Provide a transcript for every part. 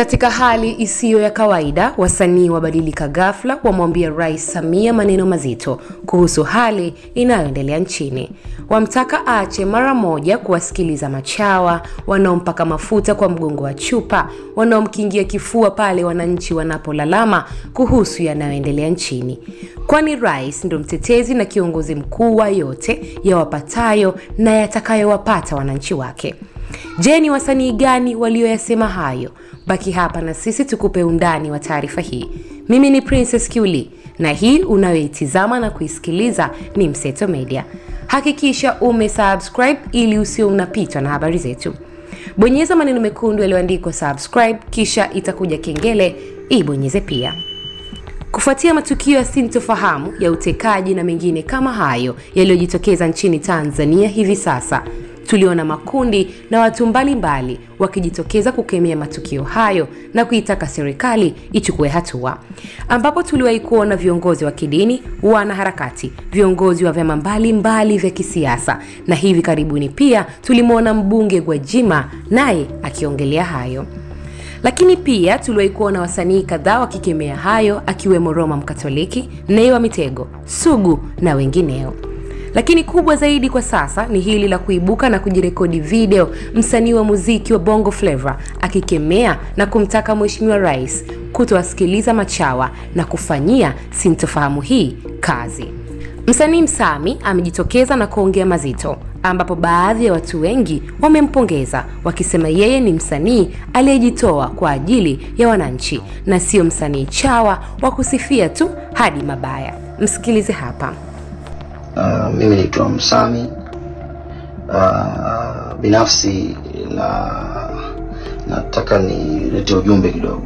Katika hali isiyo ya kawaida, wasanii wabadilika ghafla, wamwambia Rais Samia maneno mazito kuhusu hali inayoendelea nchini. Wamtaka aache mara moja kuwasikiliza machawa wanaompaka mafuta kwa mgongo wa chupa, wanaomkingia kifua pale wananchi wanapolalama kuhusu yanayoendelea nchini, kwani rais ndo mtetezi na kiongozi mkuu wa yote yawapatayo na yatakayowapata wananchi wake. Je, ni wasanii gani walioyasema hayo? Baki hapa na sisi tukupe undani wa taarifa hii. Mimi ni Princess Kiuli na hii unayoitizama na kuisikiliza ni Mseto Media. Hakikisha umesubscribe ili usio unapitwa na habari zetu. Bonyeza maneno mekundu yaliyoandikwa subscribe, kisha itakuja kengele, ibonyeze pia. Kufuatia matukio ya sintofahamu ya utekaji na mengine kama hayo yaliyojitokeza nchini Tanzania hivi sasa tuliona makundi na watu mbalimbali wakijitokeza kukemea matukio hayo na kuitaka serikali ichukue hatua, ambapo tuliwahi kuona viongozi wa kidini, wanaharakati, viongozi wa vyama mbalimbali vya kisiasa, na hivi karibuni pia tulimwona mbunge Gwajima naye akiongelea hayo lakini pia tuliwahi kuona wasanii kadhaa wakikemea hayo akiwemo Roma Mkatoliki, Nay wa Mitego, Sugu na wengineo. Lakini kubwa zaidi kwa sasa ni hili la kuibuka na kujirekodi video msanii wa muziki wa Bongo Flava akikemea na kumtaka Mheshimiwa Rais kutowasikiliza machawa na kufanyia sintofahamu hii kazi. Msanii Msami amejitokeza na kuongea mazito ambapo baadhi ya watu wengi wamempongeza wakisema yeye ni msanii aliyejitoa kwa ajili ya wananchi na sio msanii chawa wa kusifia tu hadi mabaya. Msikilize hapa. Uh, mimi naitwa Msami. Uh, binafsi na nataka nilete ujumbe kidogo.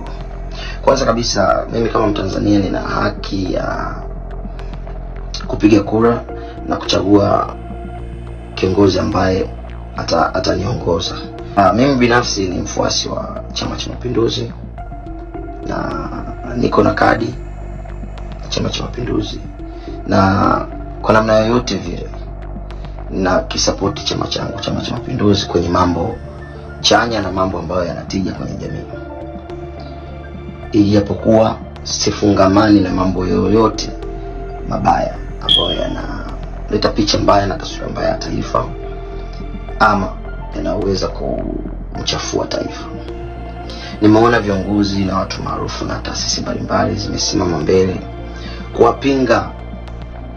Kwanza kabisa, mimi kama Mtanzania nina haki ya kupiga kura na kuchagua kiongozi ambaye ataniongoza ata. Uh, mimi binafsi ni mfuasi wa Chama cha Mapinduzi na niko na kadi Chama cha Mapinduzi na kwa namna yoyote vile na kisapoti chama changu Chama cha Mapinduzi kwenye mambo chanya na mambo ambayo yanatija kwenye jamii, ijapokuwa sifungamani na mambo yoyote mabaya ambayo yanaleta picha mbaya na taswira mbaya ya taifa ama yanaweza kumchafua taifa. Nimeona viongozi na watu maarufu na taasisi mbalimbali zimesimama mbele kuwapinga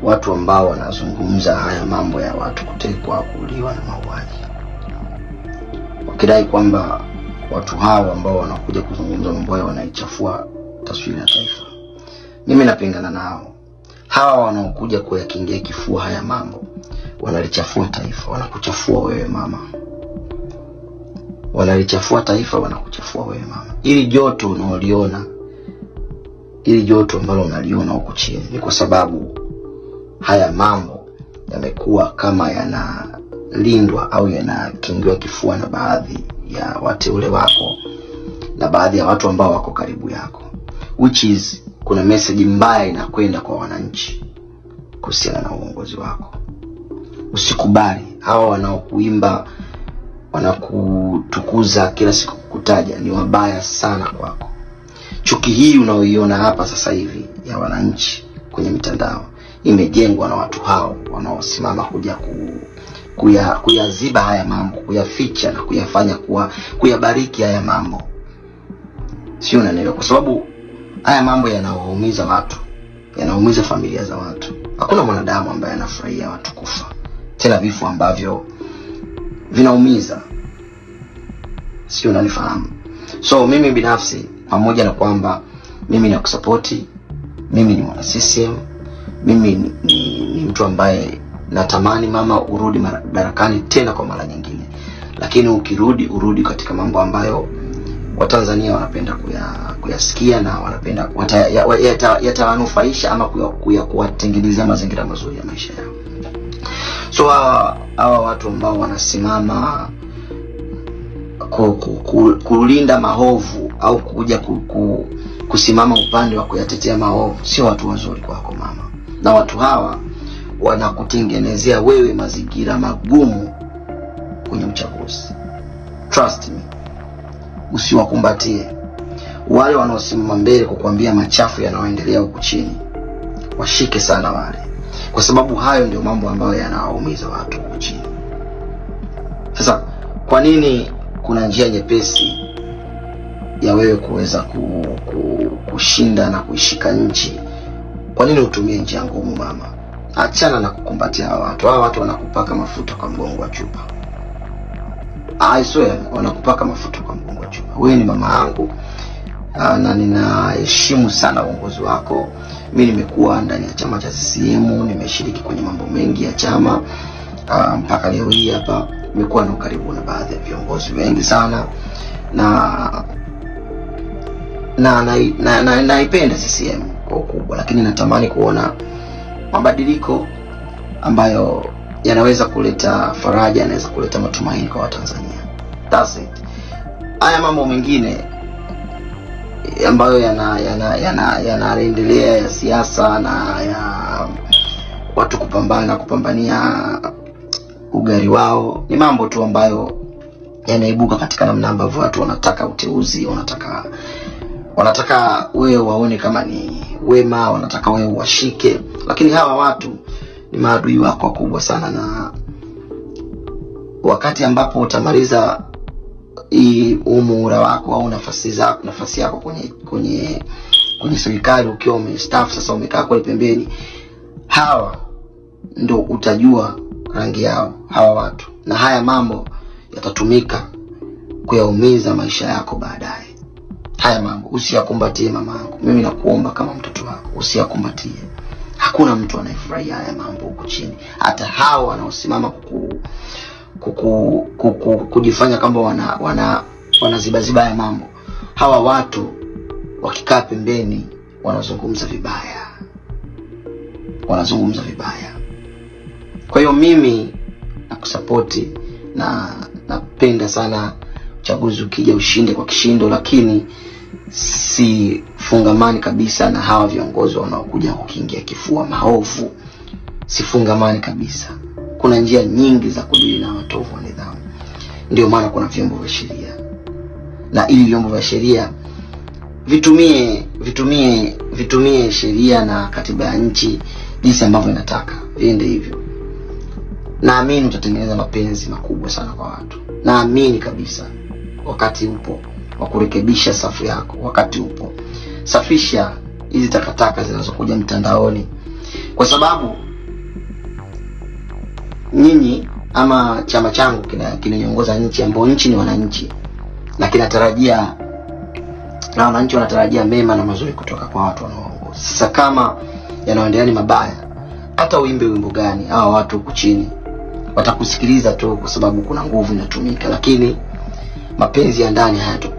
watu ambao wanazungumza haya mambo ya watu kutekwa, kuuliwa na mauaji, wakidai kwamba watu hao ambao wanakuja kuzungumza mambo hayo wanaichafua taswira ya taifa. Mimi napingana nao. Hawa wanaokuja kuyakingia kifua haya mambo wanalichafua taifa, wanakuchafua wewe mama, wanalichafua taifa, wanakuchafua wewe mama. Ili joto unaoliona, ili joto ambalo unaliona huko chini ni kwa sababu haya mambo yamekuwa kama yanalindwa au yanatungiwa kifua na baadhi ya wateule wako na baadhi ya watu ambao wako karibu yako, which is kuna message mbaya inakwenda kwa wananchi kuhusiana na uongozi wako. Usikubali hawa wanaokuimba wanakutukuza kila siku, kukutaja ni wabaya sana kwako. Chuki hii unaoiona hapa sasa hivi ya wananchi kwenye mitandao imejengwa na watu hao wanaosimama kuja ku kuya kuyaziba haya mambo, kuyaficha na kuyafanya kuwa kuyabariki haya mambo, sio unanielewa? Kwa sababu haya mambo yanawaumiza watu, yanaumiza familia za watu. Hakuna mwanadamu ambaye anafurahia watu kufa, tena vifo ambavyo vinaumiza, sio unanifahamu? So mimi binafsi, pamoja na kwamba mimi nakusapoti, mimi ni mwana CCM mimi ni, ni, ni mtu ambaye natamani mama urudi madarakani tena kwa mara nyingine, lakini ukirudi urudi katika mambo ambayo Watanzania wanapenda kuyasikia na wanapenda yatawanufaisha ya, ya ama kuwatengenezea mazingira mazuri ya maisha yao. So hawa watu ambao wanasimama kulinda maovu au kuja kusimama upande wa kuyatetea maovu sio watu wazuri kwako mama na watu hawa wanakutengenezea wewe mazingira magumu kwenye uchaguzi. Trust me, usiwakumbatie wale wanaosimama mbele kukuambia machafu yanayoendelea huku chini. Washike sana wale, kwa sababu hayo ndio mambo ambayo yanawaumiza watu huku chini. Sasa kwa nini kuna njia nyepesi ya wewe kuweza ku, ku, kushinda na kuishika nchi kwa nini utumie njia ngumu mama? Achana na kukumbatia hawa watu. Hawa watu wanakupaka mafuta kwa mgongo wa chupa. I swear wanakupaka mafuta kwa mgongo wa chupa. Wewe ni mama yangu ah, na ninaheshimu sana uongozi wako. Mi nimekuwa ndani ya chama cha CCM, nimeshiriki kwenye mambo mengi ya chama ah, mpaka leo hii hapa. Nimekuwa na ukaribu na baadhi ya viongozi wengi sana na na naipenda na, na, na, na, na CCM kwa ukubwa, lakini natamani kuona mabadiliko ambayo yanaweza kuleta faraja, yanaweza kuleta matumaini kwa Watanzania. That's it. Haya mambo mengine eh, ambayo yanaendelea yana, yana, yana ya siasa na ya watu kupambana kupambania ugari wao ni mambo tu ambayo yanaibuka katika namna ambavyo watu wanataka uteuzi, wanataka wanataka wewe waone kama ni wema, wanataka wewe washike, lakini hawa watu ni maadui wako wakubwa sana, na wakati ambapo utamaliza hii umuura wako au nafasi zako, nafasi yako kwenye kwenye kwenye serikali ukiwa umestaafu sasa, umekaa kule pembeni, hawa ndo utajua rangi yao hawa watu, na haya mambo yatatumika kuyaumiza maisha yako baadaye. Haya mambo usiyakumbatie yangu mimi nakuomba kama mtoto wako usiyakumbatie. Hakuna mtu anayefurahia haya mambo huko chini, hata hao wanaosimama kuku, kuku, kuku, kujifanya kwamba wana, wana, wanazibaziba haya mambo. Hawa watu wakikaa pembeni wanazungumza vibaya, wanazungumza vibaya. Kwa hiyo mimi nakusapoti na napenda sana uchaguzi ukija ushinde kwa kishindo, lakini sifungamani kabisa na hawa viongozi wanaokuja kukiingia kifua maovu, sifungamani kabisa. Kuna njia nyingi za kudili na watovu wa nidhamu, ndio maana kuna vyombo vya sheria, na ili vyombo vya sheria vitumie vitumie vitumie sheria na katiba ya nchi jinsi ambavyo inataka viende hivyo. Naamini utatengeneza mapenzi makubwa sana kwa watu, naamini kabisa, wakati upo wa kurekebisha safu yako wakati upo. Safisha hizi takataka zinazokuja mtandaoni, kwa sababu nyinyi ama chama changu kinaongoza kina nchi ambayo nchi ni wananchi, na kinatarajia na wananchi wanatarajia mema na mazuri kutoka kwa watu wanaoongoza. Sasa kama yanaendelea ni mabaya, hata uimbe wimbo gani, hawa watu huku chini watakusikiliza tu, kwa sababu kuna nguvu inatumika, lakini mapenzi ya ndani hayato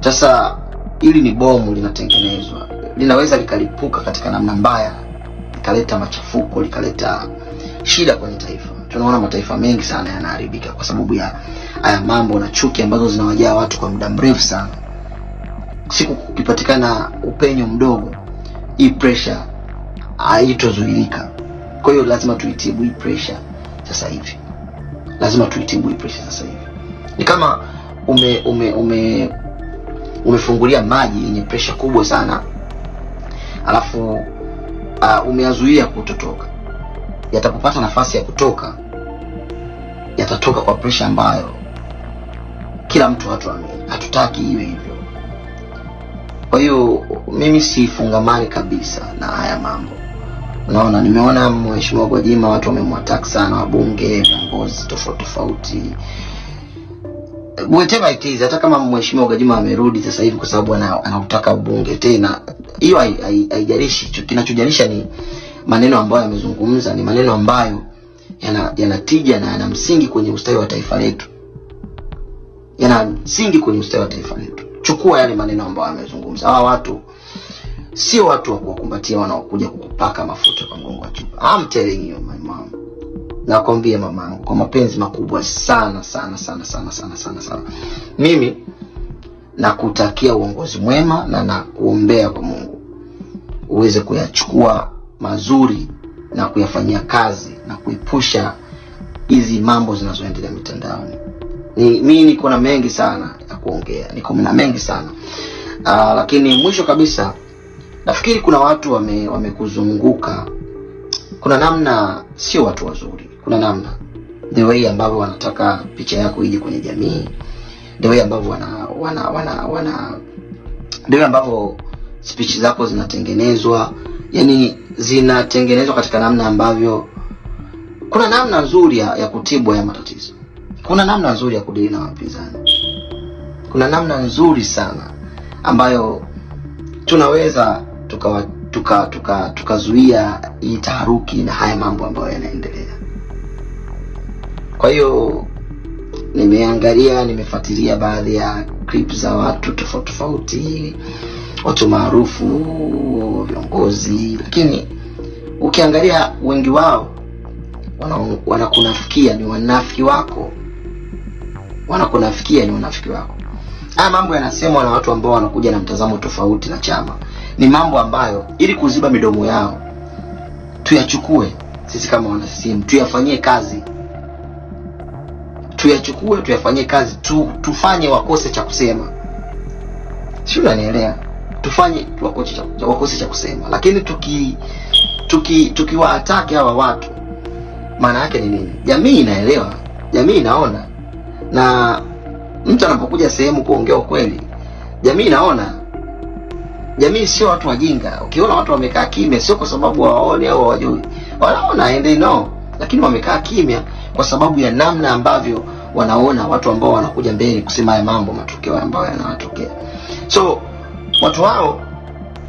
sasa hili ni bomu linatengenezwa, linaweza likalipuka katika namna mbaya, likaleta machafuko, likaleta shida kwenye taifa. Tunaona mataifa mengi sana yanaharibika kwa sababu ya haya mambo na chuki ambazo zinawajaa watu kwa muda mrefu sana. Siku kukipatikana upenyo mdogo, hii pressure haitozuilika. Kwa hiyo lazima tuitibu hii pressure sasa hivi, lazima tuitibu hii pressure sasa hivi. Ni kama ume ume ume umefungulia maji yenye presha kubwa sana, alafu uh, umeazuia kutotoka, yatapopata nafasi ya kutoka yatatoka kwa presha ambayo kila mtu hatuamini, hatutaki iwe hivyo. Kwa hiyo mimi sifungamani kabisa na haya mambo. Unaona, nimeona mheshimiwa Gwajima watu wamemwatak sana, wabunge, viongozi tofauti tofauti whatever it is, hata kama mheshimiwa Gwajima amerudi sasa hivi kwa sababu anautaka ubunge tena, hiyo haijalishi. Kinachojarisha ni maneno ambayo yamezungumza, ni maneno ambayo yana, yana tija na yana msingi kwenye ustawi wa taifa letu, yana msingi kwenye ustawi wa taifa letu. Chukua yale maneno ambayo yamezungumza. Hawa watu sio watu wa kuwakumbatia wanaokuja kukupaka mafuta kwa mgongo wa chupa. I'm telling you my mom na kwambie mamangu kwa mapenzi makubwa sana sana sana sana sana sana sana. Mimi nakutakia uongozi mwema na nakuombea kwa Mungu uweze kuyachukua mazuri na kuyafanyia kazi na kuipusha hizi mambo zinazoendelea mitandaoni. Ni mimi niko na mengi sana ya kuongea, niko na mengi sana aa, ah, lakini mwisho kabisa nafikiri kuna watu wame, wamekuzunguka kuna namna sio watu wazuri kuna namna, the way ambavyo wanataka picha yako ije kwenye jamii, the way ambavyo wana wana wana, wana the way ambavyo speech zako zinatengenezwa, yani zinatengenezwa katika namna ambavyo kuna namna nzuri ya, ya kutibu ya matatizo. Kuna namna nzuri ya kudili na wapinzani. Kuna namna nzuri sana ambayo tunaweza tukawa tukazuia tuka, tuka hii taharuki na haya mambo ambayo yanaendelea. Kwa hiyo nimeangalia, nimefuatilia baadhi ya clip za watu tofauti tofauti, watu maarufu, viongozi, lakini ukiangalia wengi wao wanakunafikia, wana ni wanafiki wako, wanakunafikia ni wanafiki wako. Haya mambo yanasemwa na watu ambao wanakuja na mtazamo tofauti na chama, ni mambo ambayo ili kuziba midomo yao tuyachukue sisi kama wana tuyafanyie kazi tuyachukue tuyafanyie kazi tu, tufanye wakose cha kusema, sio? Unanielewa? Tufanye wakose cha kusema, lakini tuki tuki tukiwaatake hawa watu, maana yake ni nini? Jamii inaelewa, jamii inaona, na mtu anapokuja sehemu kuongea ukweli, jamii inaona. Jamii sio watu wajinga. Ukiona watu wamekaa kimya, sio kwa sababu hawaoni au hawajui, wanaona and lakini wamekaa kimya kwa sababu ya namna ambavyo wanaona watu ambao wanakuja mbele kusema haya mambo, matokeo ambayo yanatokea. So watu hao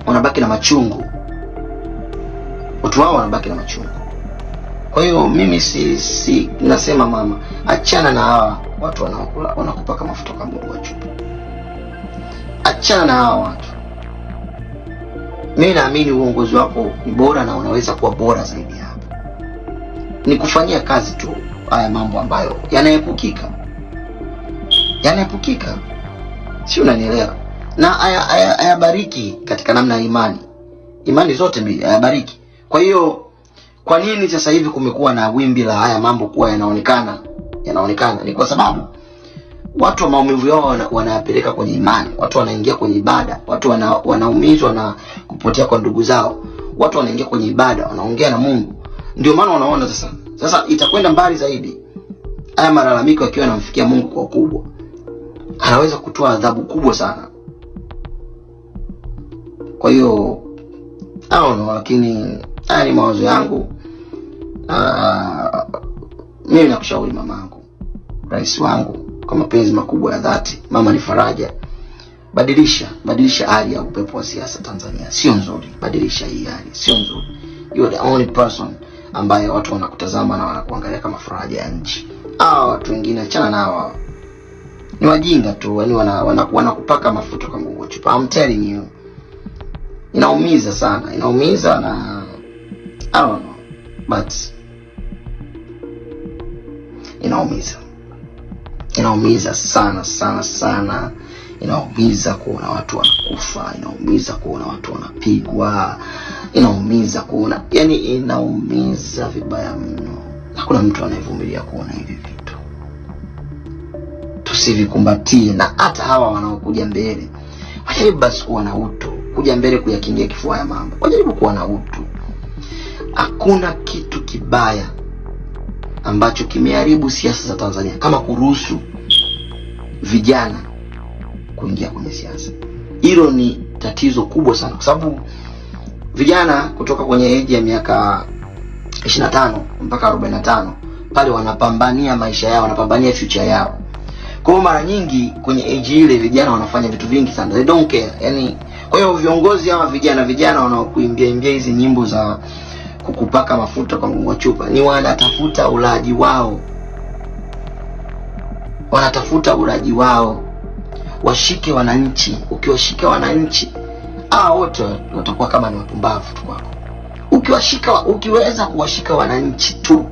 wanabaki na machungu, watu hao wanabaki na machungu. Kwa hiyo mimi si, si nasema mama, achana na hawa watu wanaokula wanakupaka mafuta kama wa chupa, achana na hawa watu. Mimi naamini uongozi wako ni bora na unaweza kuwa bora zaidi. Hapa ni kufanyia kazi tu haya mambo ambayo yanaepukika, yanaepukika, si unanielewa? Na ayabariki katika namna ya imani, imani zote mbili ayabariki. Kwa hiyo kwa nini sasa hivi kumekuwa na wimbi la haya mambo kuwa yanaonekana yanaonekana? Ni kwa sababu watu wa maumivu yao wanayapeleka kwenye imani, watu wanaingia kwenye ibada, watu wana, wanaumizwa na kupotea kwa ndugu zao, watu wanaingia kwenye ibada, wanaongea na Mungu. Ndio maana wanaona sasa sasa itakwenda mbali zaidi, haya malalamiko akiwa anamfikia Mungu kwa ukubwa, anaweza kutoa adhabu kubwa sana. Kwa hiyo aono, lakini haya ni mawazo yangu. Mimi nakushauri mamangu, rais wangu, kwa mapenzi makubwa ya dhati, mama ni faraja Badilisha, badilisha hali ya upepo wa siasa Tanzania, sio nzuri. Badilisha hii hali, sio nzuri. You are the only person ambaye watu wanakutazama na wanakuangalia kama faraja ya nchi. Hawa watu wengine achana nao, ni wajinga tu, yani wanakupaka wana, wana mafuta kwa mgongo chupa. I'm telling you, inaumiza sana, inaumiza na I don't know but inaumiza, inaumiza sana sana sana, inaumiza kuona watu wanakufa, inaumiza kuona watu wanapigwa Inaumiza kuona, yani inaumiza vibaya mno. Hakuna mtu anayevumilia kuona hivi vitu, tusivikumbatie. Na hata hawa wanaokuja mbele wajaribu basi kuwa na utu, kuja mbele kuyakingia kifua ya mambo, wajaribu kuwa na utu. Hakuna kitu kibaya ambacho kimeharibu siasa za Tanzania kama kuruhusu vijana kuingia kwenye siasa. Hilo ni tatizo kubwa sana, kwa sababu vijana kutoka kwenye eji ya miaka 25 mpaka 45 pale wanapambania maisha yao, wanapambania future yao. Kwa hiyo mara nyingi kwenye eji ile vijana wanafanya vitu vingi sana, they don't care yani. Kwa hiyo viongozi hawa vijana vijana wanaokuimbia imbia hizi nyimbo za kukupaka mafuta kwa mgongo wa chupa ni wanatafuta ulaji wao, wanatafuta ulaji wao. Washike wananchi, ukiwashika wananchi hawa wote watakuwa kama ni wapumbavu tu wako. Ukiwashika, ukiweza kuwashika wananchi tu,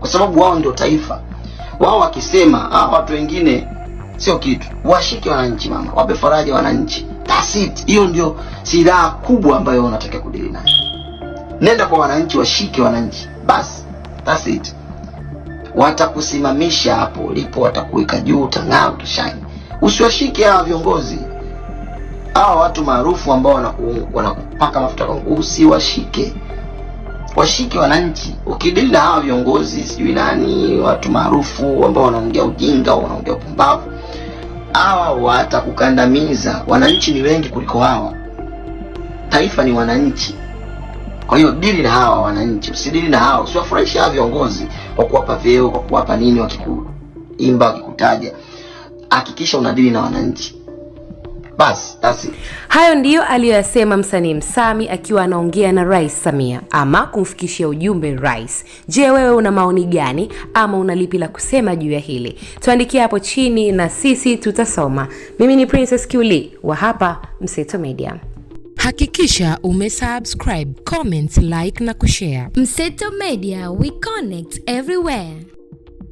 kwa sababu wao ndio taifa. Wao wakisema hawa ah, watu wengine sio kitu, washike wananchi mama, wape faraja wananchi. That's it. Hiyo ndio silaha kubwa ambayo unataka kudili nayo. Nenda kwa wananchi, washike wananchi, basi that's it. Watakusimamisha hapo ulipo, watakuweka juu, utang'aa, utashine. Usiwashike hawa viongozi hawa watu maarufu ambao wanakupaka mafuta kwa nguvu, usiwashike, washike wananchi. Ukidili na hawa viongozi sijui nani, watu maarufu ambao wanaongea ujinga, wanaongea upumbavu, hawa watakukandamiza. Wananchi ni wengi kuliko hawa, taifa ni wananchi. Kwa hiyo dili na hawa wananchi, usidili na hawa, usiwafurahishe hawa viongozi kwa kuwapa vyeo, kwa kuwapa nini, wakikuimba, wakikutaja. Hakikisha unadili na wananchi. Bas, that's Hayo ndiyo aliyoyasema msanii Msami akiwa anaongea na Rais Samia ama kumfikishia ujumbe Rais. Je, wewe una maoni gani ama una lipi la kusema juu ya hili? Tuandikie hapo chini na sisi tutasoma. Mimi ni Princess Kiuli wa hapa Mseto Media. Hakikisha umesubscribe, comment, like na kushare. Mseto Media, we connect everywhere.